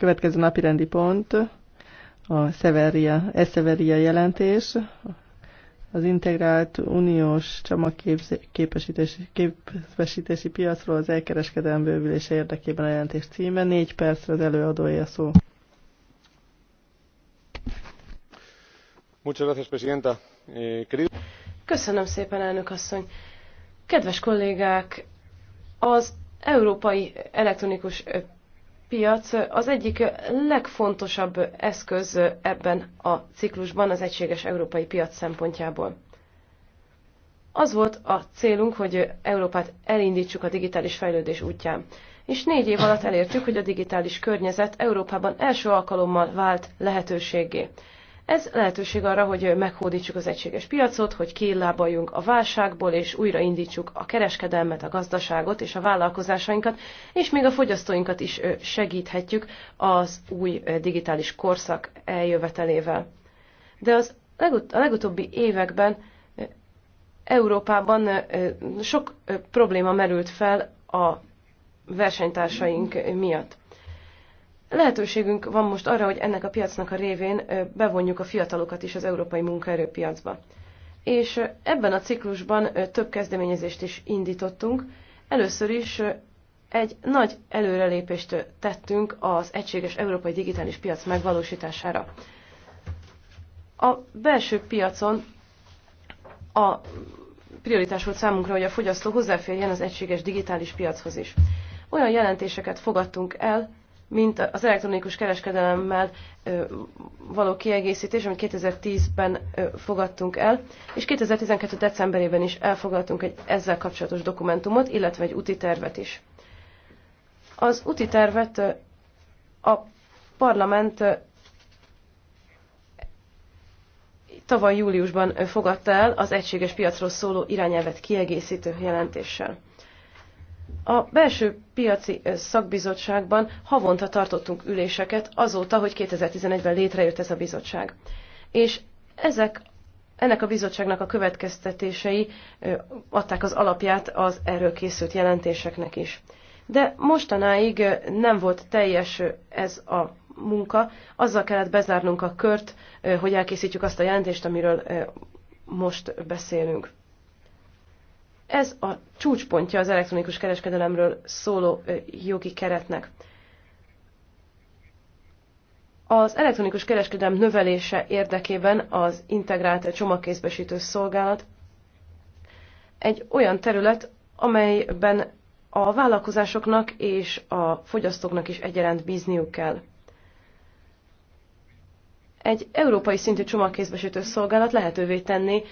Következő napi rendi pont a Severia, Eszeveria jelentés, az integrált uniós csomagképesítési képesítési piacról az elkereskedelmi bővülése érdekében a jelentés címe. Négy percre az előadója szó. Eh, Köszönöm szépen, elnök asszony. Kedves kollégák, az európai elektronikus piac az egyik legfontosabb eszköz ebben a ciklusban az egységes európai piac szempontjából. Az volt a célunk, hogy Európát elindítsuk a digitális fejlődés útján. És négy év alatt elértük, hogy a digitális környezet Európában első alkalommal vált lehetőségé. Ez lehetőség arra, hogy meghódítsuk az egységes piacot, hogy kilábaljunk a válságból, és újraindítsuk a kereskedelmet, a gazdaságot és a vállalkozásainkat, és még a fogyasztóinkat is segíthetjük az új digitális korszak eljövetelével. De az legut- a legutóbbi években Európában sok probléma merült fel a versenytársaink miatt. Lehetőségünk van most arra, hogy ennek a piacnak a révén bevonjuk a fiatalokat is az európai munkaerőpiacba. És ebben a ciklusban több kezdeményezést is indítottunk. Először is egy nagy előrelépést tettünk az egységes európai digitális piac megvalósítására. A belső piacon a prioritás volt számunkra, hogy a fogyasztó hozzáférjen az egységes digitális piachoz is. Olyan jelentéseket fogadtunk el, mint az elektronikus kereskedelemmel való kiegészítés, amit 2010-ben fogadtunk el, és 2012. decemberében is elfogadtunk egy ezzel kapcsolatos dokumentumot, illetve egy úti tervet is. Az úti tervet a parlament tavaly júliusban fogadta el az egységes piacról szóló irányelvet kiegészítő jelentéssel. A belső piaci szakbizottságban havonta tartottunk üléseket azóta, hogy 2011-ben létrejött ez a bizottság. És ezek ennek a bizottságnak a következtetései adták az alapját az erről készült jelentéseknek is. De mostanáig nem volt teljes ez a munka, azzal kellett bezárnunk a kört, hogy elkészítjük azt a jelentést, amiről most beszélünk. Ez a csúcspontja az elektronikus kereskedelemről szóló jogi keretnek. Az elektronikus kereskedelem növelése érdekében az integrált csomagkézbesítő szolgálat egy olyan terület, amelyben a vállalkozásoknak és a fogyasztóknak is egyaránt bízniuk kell egy európai szintű csomagkézbesítő szolgálat lehetővé tenni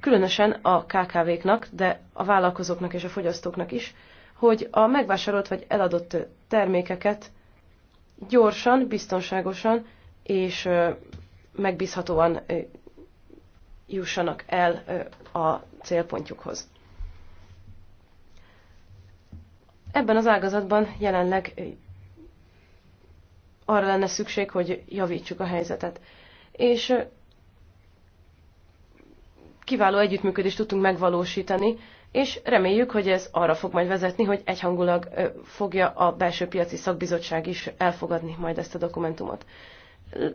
különösen a KKV-knak, de a vállalkozóknak és a fogyasztóknak is, hogy a megvásárolt vagy eladott termékeket gyorsan, biztonságosan és megbízhatóan jussanak el a célpontjukhoz. Ebben az ágazatban jelenleg arra lenne szükség, hogy javítsuk a helyzetet. És kiváló együttműködést tudtunk megvalósítani, és reméljük, hogy ez arra fog majd vezetni, hogy egyhangulag fogja a belső piaci szakbizottság is elfogadni majd ezt a dokumentumot.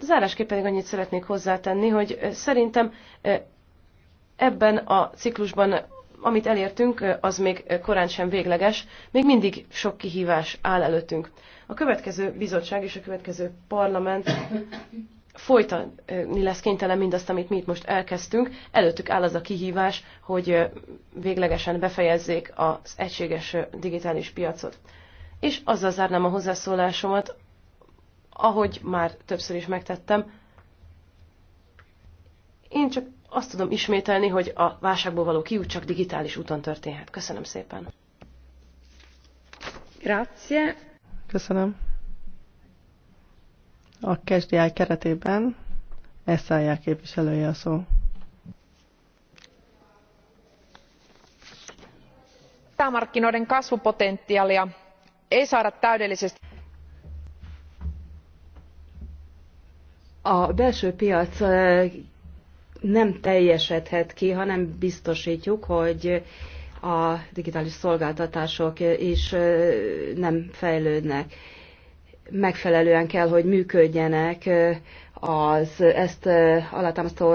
Zárásképpen pedig annyit szeretnék hozzátenni, hogy szerintem ebben a ciklusban amit elértünk, az még korán sem végleges, még mindig sok kihívás áll előttünk. A következő bizottság és a következő parlament folytani lesz kénytelen mindazt, amit mi itt most elkezdtünk. Előttük áll az a kihívás, hogy véglegesen befejezzék az egységes digitális piacot. És azzal zárnám a hozzászólásomat, ahogy már többször is megtettem. Én csak azt tudom ismételni, hogy a válságból való kiút csak digitális úton történhet. Köszönöm szépen. Grazie. Köszönöm. A KSDI keretében Eszájá képviselője a szó. Sisämarkkinoiden kasvupotentiaalia ei saada täydellisesti a belső piac nem teljesedhet ki, hanem biztosítjuk, hogy a digitális szolgáltatások is nem fejlődnek. Megfelelően kell, hogy működjenek az ezt alátámasztó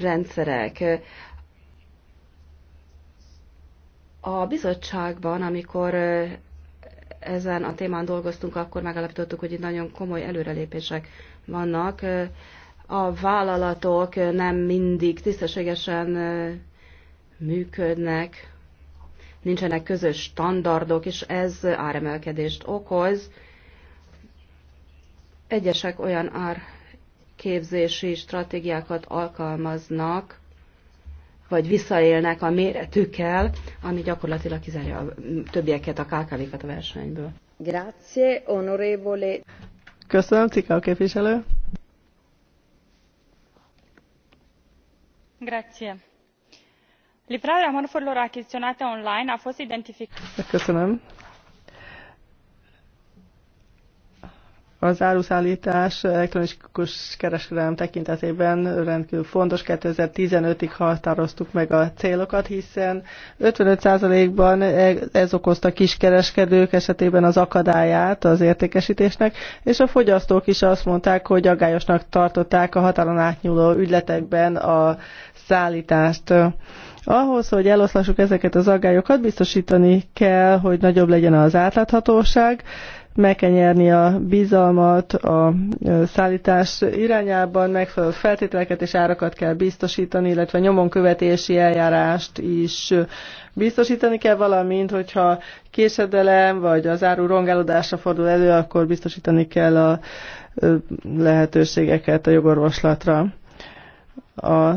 rendszerek. A bizottságban, amikor ezen a témán dolgoztunk, akkor megalapítottuk, hogy itt nagyon komoly előrelépések vannak a vállalatok nem mindig tisztességesen működnek, nincsenek közös standardok, és ez áremelkedést okoz. Egyesek olyan árképzési stratégiákat alkalmaznak, vagy visszaélnek a méretükkel, ami gyakorlatilag kizárja a többieket, a KKV-kat a versenyből. Grazie, onorevole. Köszönöm, Cika a képviselő. livrarea mărfurilor achiziționate online a fost identificată ca fiind o infracțiune penală. Az áruszállítás elektronikus kereskedelem tekintetében rendkívül fontos. 2015-ig határoztuk meg a célokat, hiszen 55%-ban ez okozta kiskereskedők esetében az akadályát az értékesítésnek, és a fogyasztók is azt mondták, hogy agályosnak tartották a határon átnyúló ügyletekben a szállítást. Ahhoz, hogy eloszlassuk ezeket az aggályokat, biztosítani kell, hogy nagyobb legyen az átláthatóság, meg kell nyerni a bizalmat a szállítás irányában, megfelelő feltételeket és árakat kell biztosítani, illetve nyomonkövetési eljárást is biztosítani kell, valamint, hogyha késedelem vagy az áru rongálódásra fordul elő, akkor biztosítani kell a lehetőségeket a jogorvoslatra. A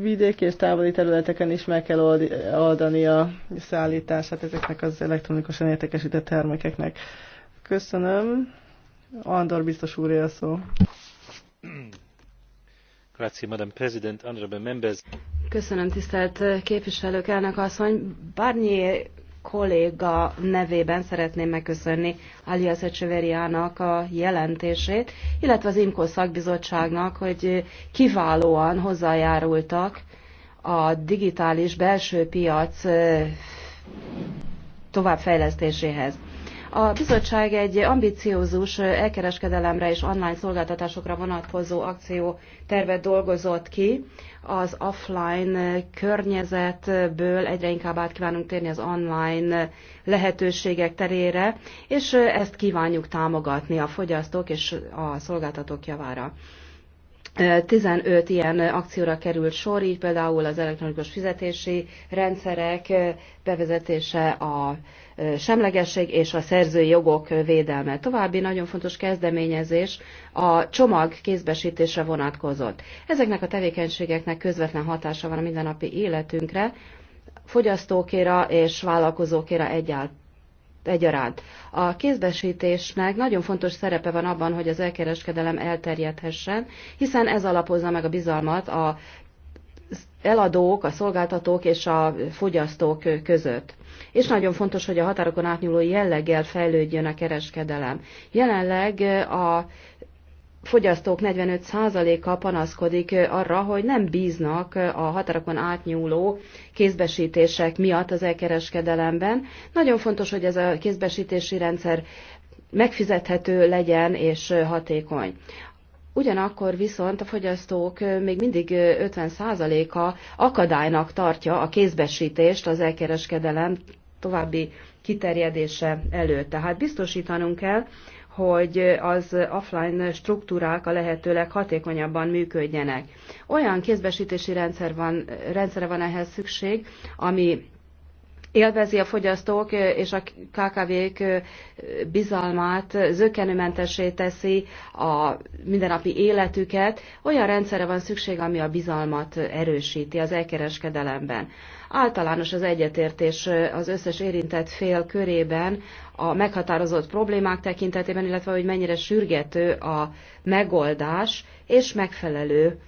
vidéki és távoli területeken is meg kell oldani a szállítását ezeknek az elektronikusan értékesített termékeknek. Köszönöm. Andor biztos úr a szó. Köszönöm tisztelt képviselők, elnök asszony. Barnier kolléga nevében szeretném megköszönni Alias Echeveriának a jelentését, illetve az IMCO szakbizottságnak, hogy kiválóan hozzájárultak a digitális belső piac továbbfejlesztéséhez. A bizottság egy ambiciózus elkereskedelemre és online szolgáltatásokra vonatkozó akciótervet dolgozott ki. Az offline környezetből egyre inkább át kívánunk térni az online lehetőségek terére, és ezt kívánjuk támogatni a fogyasztók és a szolgáltatók javára. 15 ilyen akcióra került sor, így például az elektronikus fizetési rendszerek bevezetése, a semlegesség és a szerzői jogok védelme. További nagyon fontos kezdeményezés a csomag kézbesítése vonatkozott. Ezeknek a tevékenységeknek közvetlen hatása van a mindennapi életünkre, fogyasztókéra és vállalkozókéra egyáltalán egyaránt. A kézbesítésnek nagyon fontos szerepe van abban, hogy az elkereskedelem elterjedhessen, hiszen ez alapozza meg a bizalmat a eladók, a szolgáltatók és a fogyasztók között. És nagyon fontos, hogy a határokon átnyúló jelleggel fejlődjön a kereskedelem. Jelenleg a fogyasztók 45%-a panaszkodik arra, hogy nem bíznak a határokon átnyúló kézbesítések miatt az elkereskedelemben. Nagyon fontos, hogy ez a kézbesítési rendszer megfizethető legyen és hatékony. Ugyanakkor viszont a fogyasztók még mindig 50%-a akadálynak tartja a kézbesítést az elkereskedelem további kiterjedése előtt. Tehát biztosítanunk kell, hogy az offline struktúrák a lehetőleg hatékonyabban működjenek. Olyan kézbesítési rendszer van, rendszere van ehhez szükség, ami élvezi a fogyasztók és a KKV-k bizalmát, zökkenőmentessé teszi a mindennapi életüket. Olyan rendszerre van szükség, ami a bizalmat erősíti az elkereskedelemben. Általános az egyetértés az összes érintett fél körében a meghatározott problémák tekintetében, illetve hogy mennyire sürgető a megoldás és megfelelő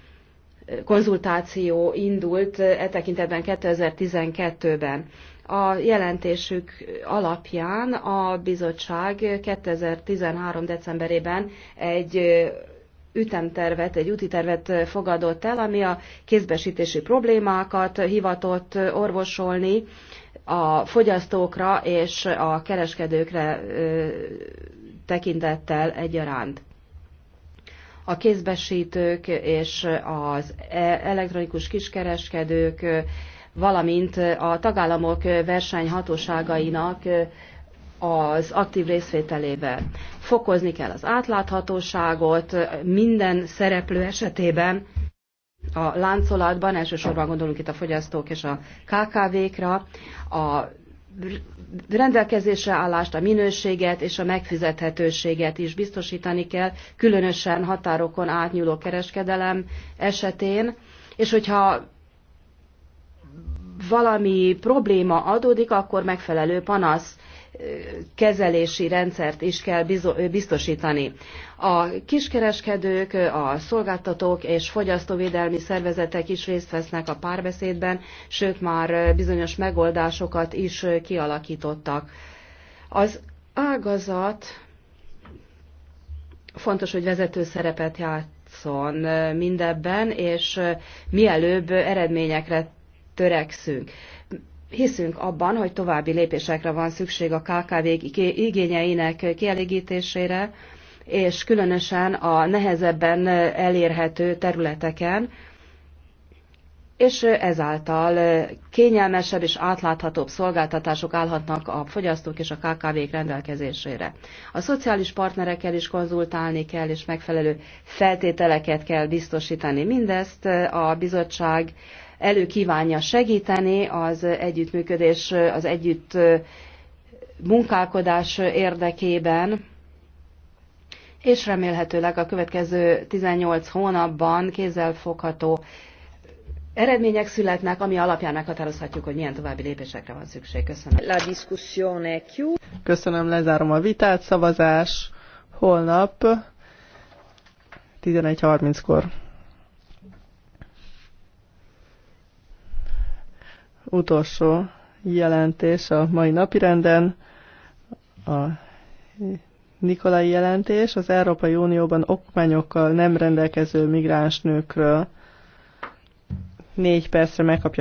konzultáció indult e tekintetben 2012-ben. A jelentésük alapján a bizottság 2013. decemberében egy ütemtervet, egy úti tervet fogadott el, ami a kézbesítési problémákat hivatott orvosolni, a fogyasztókra és a kereskedőkre tekintettel egyaránt a kézbesítők és az e- elektronikus kiskereskedők, valamint a tagállamok versenyhatóságainak az aktív részvételével. Fokozni kell az átláthatóságot minden szereplő esetében, a láncolatban, elsősorban gondolunk itt a fogyasztók és a KKV-kra, a rendelkezésre állást, a minőséget és a megfizethetőséget is biztosítani kell, különösen határokon átnyúló kereskedelem esetén, és hogyha valami probléma adódik, akkor megfelelő panasz kezelési rendszert is kell biztosítani. A kiskereskedők, a szolgáltatók és fogyasztóvédelmi szervezetek is részt vesznek a párbeszédben, sőt már bizonyos megoldásokat is kialakítottak. Az ágazat fontos, hogy vezető szerepet játszon mindebben, és mielőbb eredményekre törekszünk hiszünk abban, hogy további lépésekre van szükség a KKV igényeinek kielégítésére, és különösen a nehezebben elérhető területeken, és ezáltal kényelmesebb és átláthatóbb szolgáltatások állhatnak a fogyasztók és a KKV-k rendelkezésére. A szociális partnerekkel is konzultálni kell, és megfelelő feltételeket kell biztosítani. Mindezt a bizottság előkívánja segíteni az együttműködés, az együtt munkálkodás érdekében, és remélhetőleg a következő 18 hónapban kézzelfogható eredmények születnek, ami alapján meghatározhatjuk, hogy milyen további lépésekre van szükség. Köszönöm. La discussione Köszönöm, lezárom a vitát, szavazás holnap 11.30-kor. Utolsó jelentés a mai napirenden a Nikolai jelentés az Európai Unióban okmányokkal nem rendelkező migráns nőkről négy percre megkapja